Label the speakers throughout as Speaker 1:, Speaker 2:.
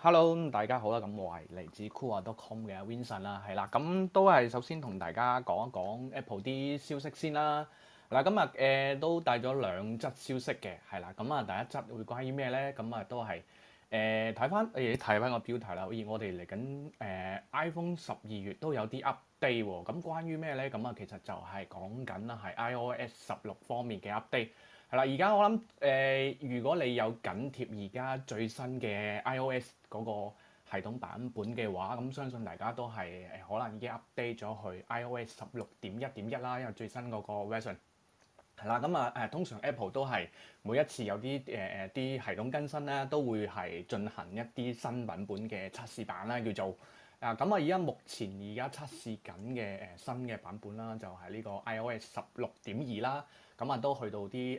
Speaker 1: Hello，大家好啦，咁我係嚟自 cool.com d 嘅 Vincent 啦，係啦，咁都係首先同大家講一講 Apple 啲消息先啦。嗱，今、呃、啊，誒都帶咗兩則消息嘅，係啦，咁啊第一則會關於咩呢？咁啊都係。誒睇翻，誒睇翻個標題啦，而我哋嚟緊誒 iPhone 十二月都有啲 update 喎。咁、啊、關於咩咧？咁啊，其實就係講緊啦，係 iOS 十六方面嘅 update。係、啊、啦，而家我諗誒、呃，如果你有緊貼而家最新嘅 iOS 嗰個系統版本嘅話，咁相信大家都係誒可能已經 update 咗去 iOS 十六點一點一啦，因為最新嗰個 version。係啦，咁啊誒，通常 Apple 都係每一次有啲誒誒啲系統更新咧，都會係進行一啲新版本嘅測試版啦，叫做。啊、呃，咁啊，而家目前而家測試緊嘅誒新嘅版本啦，就係、是、呢個 iOS 十六點二啦。咁啊，都去到啲誒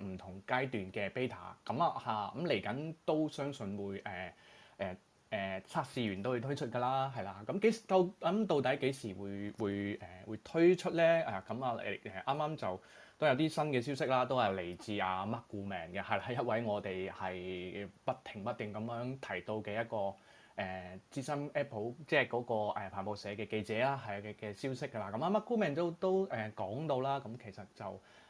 Speaker 1: 誒唔同階段嘅 beta、嗯。咁啊吓，咁嚟緊都相信會誒誒誒測試完都會推出㗎啦，係、嗯、啦。咁幾到咁、嗯、到底幾時會會誒、呃、會推出咧？啊，咁啊誒啱啱就～都有啲新嘅消息啦，都係嚟自阿 Mark Gurman 嘅，係係一位我哋係不停不斷咁樣提到嘅一個誒、呃、資深 Apple 即係嗰、那個誒、啊、彭博社嘅記者啦，係嘅嘅消息噶啦。咁、啊、阿 Mark Gurman 都都誒、呃、講到啦，咁其實就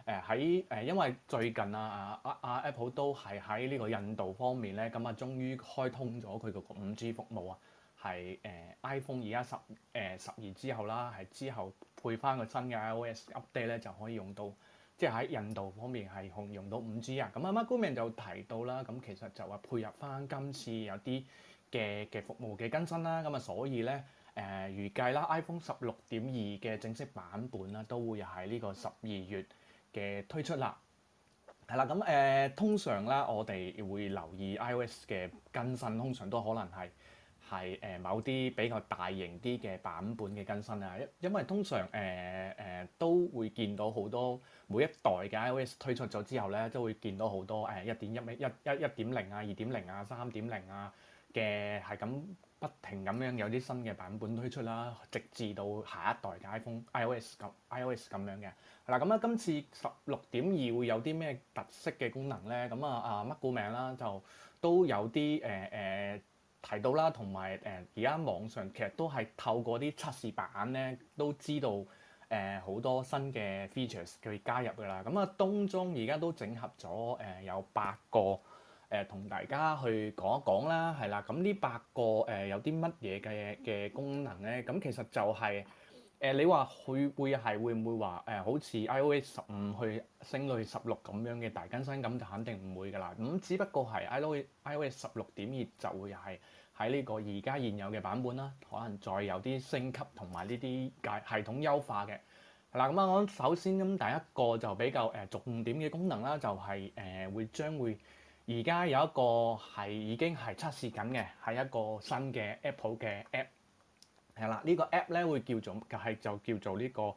Speaker 1: 誒喺誒因為最近啊啊，啊 Apple 都係喺呢個印度方面咧，咁啊終於開通咗佢個五 G 服務啊，係誒、呃、iPhone 而家十誒十二之後啦，係之後配翻個新嘅 iOS update 咧就可以用到。即係喺印度方面係用用到 5G 啊，咁阿 Mark Gurman 就提到啦，咁其實就話配合翻今次有啲嘅嘅服務嘅更新、啊呃、啦，咁啊所以咧誒預計啦 iPhone 十六點二嘅正式版本啦、啊、都會喺呢個十二月嘅推出啦，係、啊、啦，咁、呃、誒通常啦我哋會留意 iOS 嘅更新，通常都可能係。係誒、呃、某啲比較大型啲嘅版本嘅更新啦，一因為通常誒誒都會見到好多每一代嘅 iOS 推出咗之後咧，都會見到好多誒一點一一一點零啊、二點零啊、三點零啊嘅係咁不停咁樣有啲新嘅版本推出啦，直至到下一代嘅 iPhone iOS 咁 iOS 咁樣嘅。嗱咁啦，今次十六點二會有啲咩特色嘅功能咧？咁、嗯、啊啊乜顧名啦，就都有啲誒誒。呃呃提到啦，同埋誒而家網上其實都係透過啲測試版咧，都知道誒好、呃、多新嘅 features 可以加入㗎啦。咁啊，當中而家都整合咗誒、呃、有八個誒同、呃、大家去講一講啦，係啦。咁呢八個誒、呃、有啲乜嘢嘅嘅功能咧？咁其實就係、是。誒、呃，你話佢會係會唔會話誒、呃，好似 iOS 十五去升到去十六咁樣嘅大更新咁，就肯定唔會㗎喇。咁只不過係 iOS iOS 十六點二就會係喺呢個而家現有嘅版本啦，可能再有啲升級同埋呢啲系統優化嘅。係啦，咁啊，我首先咁第一個就比較誒重點嘅功能啦，就係，就係誒會將會而家有一個係已經係測試緊嘅，係一個新嘅 Apple 嘅 App。係啦，呢、這個 app 咧會叫做，就係、是、就叫做呢、這個誒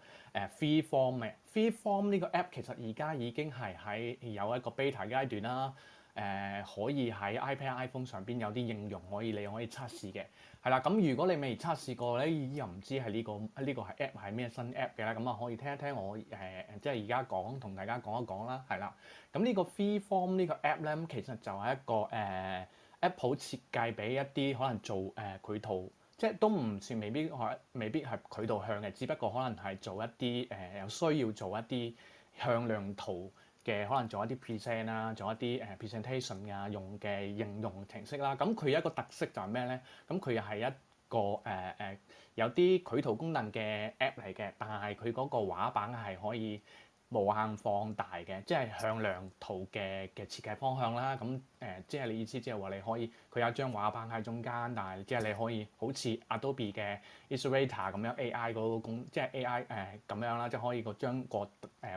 Speaker 1: Freeform。Freeform、uh, 呢個 app 其實而家已經係喺有一個 beta 階段啦。誒、呃、可以喺 iPad、iPhone 上邊有啲應用可以你可以測試嘅。係啦，咁如果你未測試過咧，又唔知係呢、這個呢、這個係 app 係咩新 app 嘅啦。咁啊，可以聽一聽我誒、呃，即係而家講同大家講一講啦。係啦，咁呢個 Freeform 呢個 app 咧，其實就係一個誒、uh, Apple 設計俾一啲可能做誒繪圖。呃即係都唔算未必可，未必係渠道向嘅，只不過可能係做一啲誒有需要做一啲向量圖嘅，可能做一啲 present 啦，做一啲誒 presentation 啊用嘅應用程式啦。咁、嗯、佢有一個特色就係咩咧？咁佢又係一個誒誒、呃呃、有啲繪圖功能嘅 app 嚟嘅，但係佢嗰個畫板係可以。無限放大嘅，即係向量圖嘅嘅設計方向啦。咁、呃、誒，即係你意思即係話你可以，佢有一張畫板喺中間，但係即係你可以好似 Adobe 嘅 Illustrator 咁樣 AI 嗰、那個即係 AI 誒咁樣啦，即係、呃、可以將個將個誒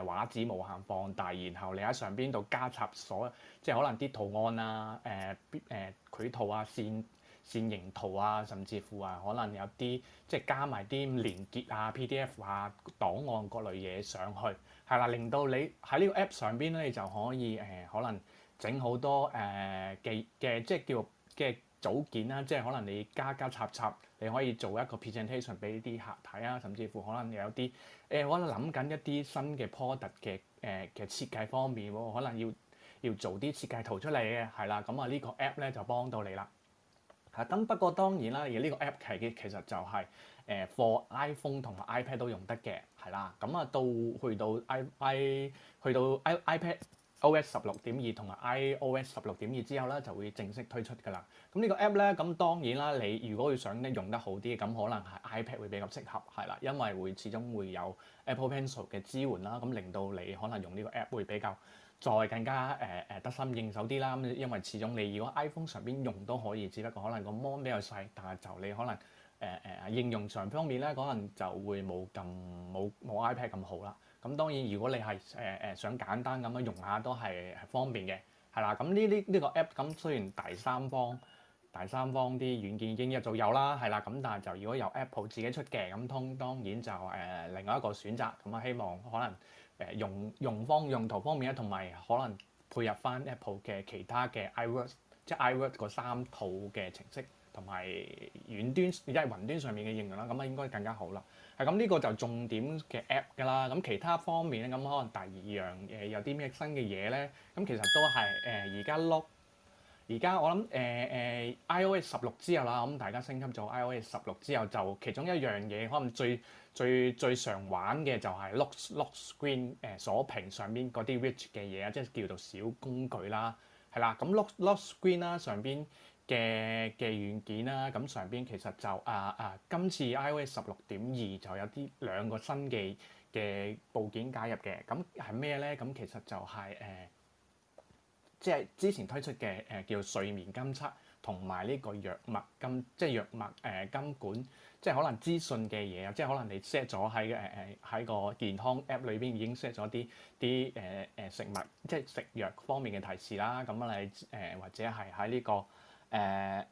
Speaker 1: 畫紙無限放大，然後你喺上邊度加插所，即係可能啲圖案啊、誒誒繪圖啊、線。線形圖啊，甚至乎啊，可能有啲即係加埋啲連結啊、PDF 啊檔案各類嘢上去係啦，令到你喺呢個 app 上邊咧，你就可以誒、呃、可能整好多誒嘅嘅即係叫嘅組件啦、啊。即係可能你加加插插，你可以做一個 presentation 俾啲客睇啊，甚至乎可能有啲誒我諗緊一啲、呃、新嘅 product 嘅誒嘅設計方面喎、哦，可能要要做啲設計圖出嚟嘅係啦。咁啊，呢個 app 咧就幫到你啦。啊，咁不過當然啦，而呢個 app 其其實就係、是、誒、呃、for iPhone 同埋 iPad 都用得嘅，係啦。咁啊到去到 i i 去到 i iPad OS 十六點二同埋 iOS 十六點二之後啦，就會正式推出㗎啦。咁呢個 app 咧，咁當然啦，你如果要想咧用得好啲，咁可能係 iPad 會比較適合，係啦，因為會始終會有 Apple Pencil 嘅支援啦，咁令到你可能用呢個 app 會比較，再更加誒誒、呃、得心應手啲啦，咁因為始終你如果 iPhone 上邊用都可以，只不過可能個 mon 比較細，但係就你可能誒誒、呃呃、應用上方面咧，可能就會冇咁冇冇 iPad 咁好啦。咁當然如果你係誒誒想簡單咁樣用下都係方便嘅，係啦。咁呢呢呢個 app 咁雖然第三方第三方啲軟件已經一早有啦，係啦。咁但係就如果由 Apple 自己出嘅咁通，當然就誒、呃、另外一個選擇。咁啊，希望可能。誒、呃、用用方用途方面咧，同埋可能配入翻 Apple 嘅其他嘅 iWork，即係 iWork 個三套嘅程式，同埋遠端亦即係雲端上面嘅應用啦，咁啊應該更加好啦。係、嗯、咁，呢、這個就重點嘅 App 噶啦。咁其他方面咧，咁可能第二樣誒、呃、有啲咩新嘅嘢咧？咁其實都係誒而家碌。呃而家我諗誒誒 iOS 十六之後啦，咁大家升級咗 iOS 十六之後，就其中一樣嘢可能最最最常玩嘅就係 Lock Lock Screen 誒、呃、鎖屏上邊嗰啲 widget 嘅嘢啊，即係叫做小工具啦，係啦，咁 Lock Lock Screen 啦上邊嘅嘅軟件啦，咁上邊其實就啊啊今次 iOS 十六點二就有啲兩個新嘅嘅部件加入嘅，咁係咩咧？咁其實就係、是、誒。呃即係之前推出嘅誒、呃、叫睡眠監測，同埋呢個藥物監，即係藥物誒監、呃、管，即係可能資訊嘅嘢啊，即係可能你 set 咗喺誒誒喺個健康 App 裏邊已經 set 咗啲啲誒誒食物，即係食藥方面嘅提示啦。咁啊你誒、呃，或者係喺呢個誒。呃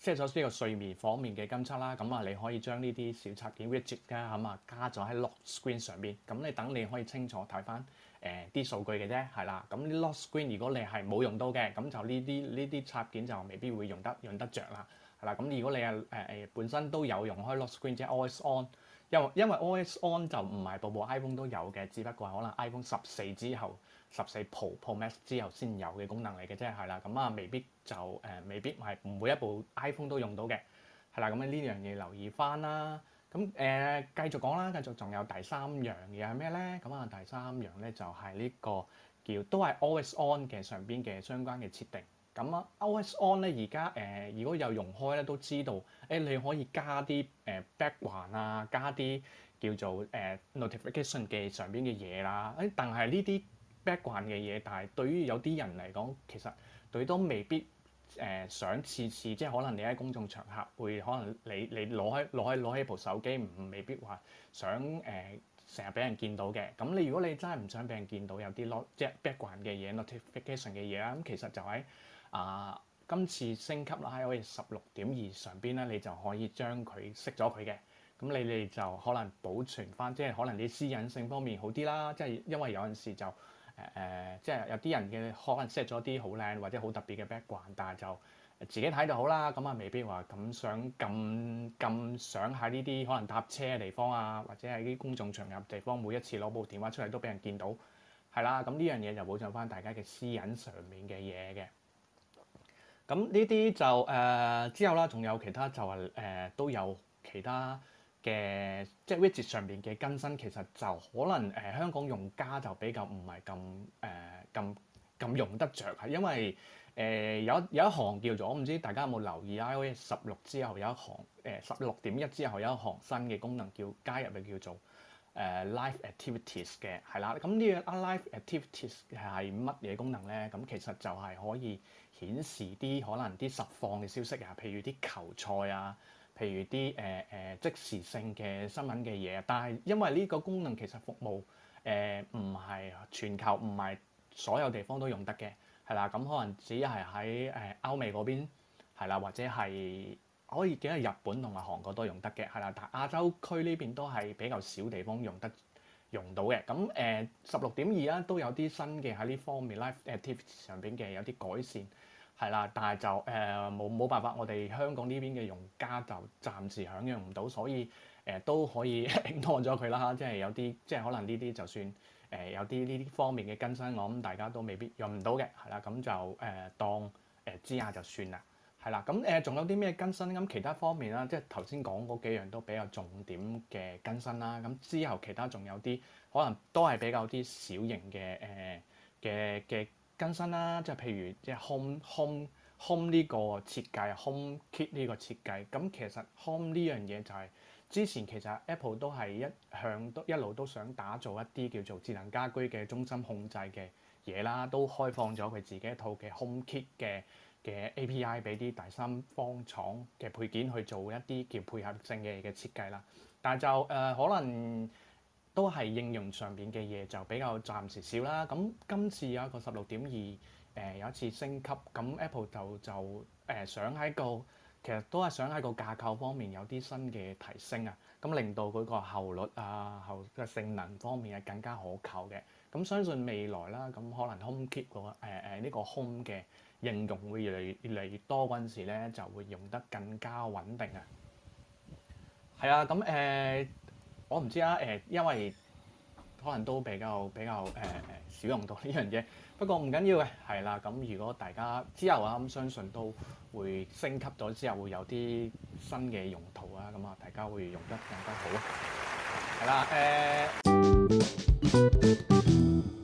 Speaker 1: 即係所講呢個睡眠方面嘅監測啦，咁啊你可以將呢啲小插件 Widget 啦，咁啊加咗喺 Lock Screen 上邊，咁你等你可以清楚睇翻誒啲數據嘅啫，係啦。咁 Lock Screen 如果你係冇用到嘅，咁就呢啲呢啲插件就未必會用得用得著啦，係啦。咁如果你係誒誒本身都有用開 Lock Screen 即係 OS on，因為因為 OS on 就唔係部部 iPhone 都有嘅，只不過可能 iPhone 十四之後。十四 Pro, Pro Max 之後先有嘅功能嚟嘅啫，係啦。咁、嗯、啊，未必就誒、呃，未必係每一部 iPhone 都用到嘅，係啦。咁、嗯、樣呢樣嘢留意翻啦。咁、嗯、誒，繼、呃、續講啦，繼續仲有第三樣嘢係咩咧？咁、嗯、啊，第三樣咧就係、是、呢、這個叫都係 Always On 嘅上邊嘅相關嘅設定。咁、嗯、啊 Always On 咧而家誒，如果有用開咧都知道，誒你可以加啲誒 back 環啊，加啲叫做誒、呃、notification 嘅上邊嘅嘢啦。誒，但係呢啲。b 慣嘅嘢，但係對於有啲人嚟講，其實佢都未必誒、呃、想次次，即係可能你喺公眾場合，會可能你你攞起攞起攞起部手機，唔未必話想誒成日俾人見到嘅。咁你如果你真係唔想俾人見到有啲攞即係 back 慣嘅嘢，notification 嘅嘢啦，咁其實就喺、是、啊、呃、今次升級啦喺我哋十六點二上邊咧，你就可以將佢熄咗佢嘅。咁你哋就可能保存翻，即係可能啲私隱性方面好啲啦。即係因為有陣時就。誒、呃，即係有啲人嘅可能 set 咗啲好靚或者好特別嘅 background，但係就自己睇就好啦。咁啊，未必話咁想咁咁想喺呢啲可能搭車嘅地方啊，或者喺啲公眾場合地方，每一次攞部電話出嚟都俾人見到，係啦。咁呢樣嘢就保障返大家嘅私隱上面嘅嘢嘅。咁呢啲就誒、呃、之後啦，仲有其他就係誒、呃、都有其他。嘅即係 Widget 上面嘅更新，其實就可能誒、呃、香港用家就比較唔係咁誒咁咁用得着。係因為誒、呃、有有一行叫做，我唔知大家有冇留意 iOS 十六之後有一行誒十六點一之後有一行新嘅功能叫，叫加入，咪叫做誒、呃、Live Activities 嘅係啦。咁呢樣 Live Activities 係乜嘢功能咧？咁其實就係可以顯示啲可能啲實況嘅消息啊，譬如啲球賽啊。譬如啲誒誒即時性嘅新聞嘅嘢，但係因為呢個功能其實服務誒唔係全球，唔係所有地方都用得嘅，係啦，咁可能只係喺誒歐美嗰邊係啦，或者係可以見到日本同埋韓國都用得嘅，係啦，但係亞洲區呢邊都係比較少地方用得用到嘅，咁誒十六點二啊都有啲新嘅喺呢方面 Live Activities 上邊嘅有啲改善。係啦，但係就誒冇冇辦法，我哋香港呢邊嘅用家就暫時享用唔到，所以誒、呃、都可以當咗佢啦，即係有啲即係可能呢啲就算誒、呃、有啲呢啲方面嘅更新，我諗大家都未必用唔到嘅，係啦，咁就誒、呃、當誒知下就算啦，係啦，咁誒仲有啲咩更新咁？其他方面啦，即係頭先講嗰幾樣都比較重點嘅更新啦，咁之後其他仲有啲可能都係比較啲小型嘅誒嘅嘅。呃更新啦，即係譬如即係 Home Home Home 呢個設計，Home Kit 呢個設計，咁其實 Home 呢樣嘢就係、是、之前其實 Apple 都係一向都一路都想打造一啲叫做智能家居嘅中心控制嘅嘢啦，都開放咗佢自己一套嘅 Home Kit 嘅嘅 API 俾啲第三方廠嘅配件去做一啲叫配合性嘅嘅設計啦，但係就誒、呃、可能。都係應用上邊嘅嘢就比較暫時少啦。咁今次有一個十六點二，誒有一次升級，咁 Apple 就就誒、呃、想喺個其實都係想喺個架構方面有啲新嘅提升啊，咁令到佢個效率啊、後嘅、啊、性能方面係更加可靠嘅。咁、啊、相信未來啦，咁可能 HomeKit 個誒誒、呃、呢、這個 Home 嘅應用會越嚟越嚟越多嗰陣時咧，就會用得更加穩定啊。係啊，咁、呃、誒。我唔知啊，誒，因為可能都比較比較誒誒、呃、少用到呢樣嘢。不過唔緊要嘅，係啦，咁如果大家之後啊，咁相信都會升級咗之後，會有啲新嘅用途啊，咁啊，大家會用得更加好啊，係啦，誒、呃。